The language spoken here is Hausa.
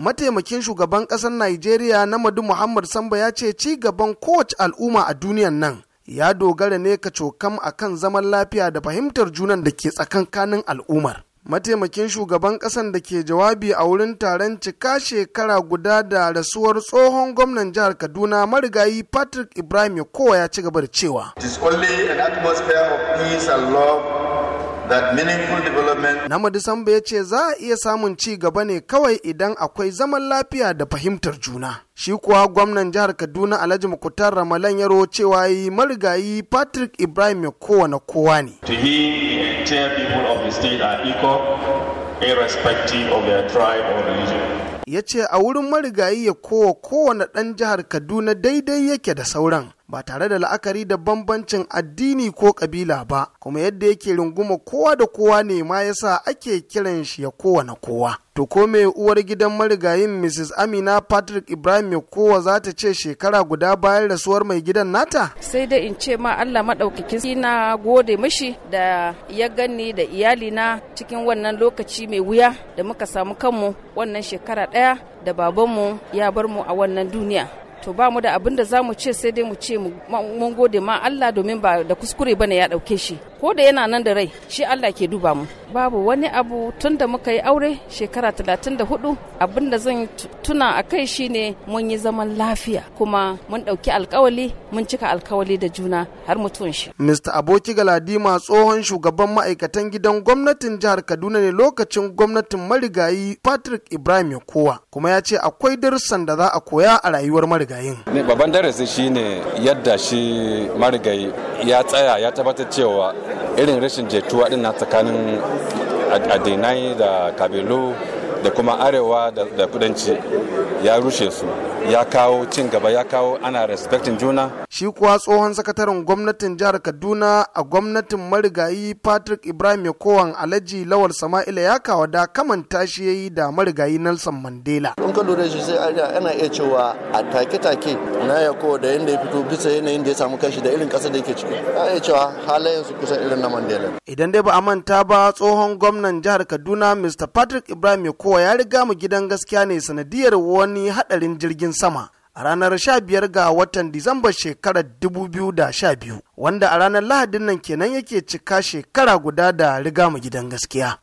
mataimakin shugaban ƙasar Najeriya na Namadu Muhammad Samba ya ce ci gaban kowace al'umma a duniyan nan ya dogara ne ka cokam a kan zaman lafiya da fahimtar junan da ke tsakankanin al'ummar. Mataimakin shugaban ƙasan da ke jawabi a wurin taron cika shekara guda da rasuwar tsohon gwamnan jihar Kaduna marigayi Patrick Ibrahim Yakowa ya ci gaba da cewa. It is only an atmosphere of peace and love that meaningful development. Namadi ya ce za a iya samun ci gaba ne kawai idan akwai zaman lafiya da fahimtar juna. Shi kuwa gwamnan jihar Kaduna Alhaji Mukutar Ramalan Yaro cewa yi marigayi Patrick Ibrahim ya kowane kowa ne. ya ce a wurin marigayi ya kowa kowane ɗan jihar Kaduna daidai yake da sauran ba tare da la'akari da bambancin addini ko kabila ba kuma yadda yake runguma kowa da kowa ne ma yasa ake kiran shi ya kowane kowa to ko me uwar gidan marigayin mrs amina patrick ibrahim kowa za ta ce shekara guda bayan rasuwar mai gidan nata sai dai in ce ma allah maɗaukaki na gode mashi da ya ganni da iyalina cikin wannan lokaci mai wuya da muka samu kanmu wannan shekara ɗaya da babanmu ya bar mu a wannan duniya to ba mu da abin da za mu ce sai dai mu ce mun gode ma Allah domin ba da kuskure bane ya ɗauke shi ko da yana nan da rai shi Allah ke duba mu babu wani abu tun da muka yi aure shekara talatin 34 abin da zan tuna a kai shine mun yi zaman lafiya kuma mun ɗauki alkawali mun cika alkawali da juna har mutum shi. Mr. Aboki Galadima tsohon shugaban ma'aikatan gidan gwamnatin jihar Kaduna ne lokacin gwamnatin marigayi Patrick Ibrahim Yakowa kuma ya ce akwai darussan da za a koya a rayuwar marigayin. Ne babban darasi shine yadda shi marigayi ya tsaya ya tabbatar cewa irin rashin jetuwa din na tsakanin adinai da kabilu da kuma arewa da kudanci ya rushe su ya kawo cin gaba ya kawo ana respectin juna shi kuwa tsohon sakataren gwamnatin jihar kaduna a gwamnatin marigayi patrick ibrahim yakowan alhaji lawal sama'ila ya kawo da kaman tashi ya da marigayi nelson mandela in ka lura shi sai ana iya cewa a take-take na yako da yadda ya fito bisa yanayin da ya samu kashi da irin ƙasa da yake ciki ana iya cewa halayen su kusan irin na mandela idan dai ba a manta ba tsohon gwamnan jihar kaduna mr patrick ibrahim yakowa ya riga mu gidan gaskiya ne sanadiyar wani hadarin jirgin sama a ranar 15 ga watan Disamba shekarar 2012 wanda a ranar Lahadin nan kenan yake cika shekara guda da riga mu gidan gaskiya.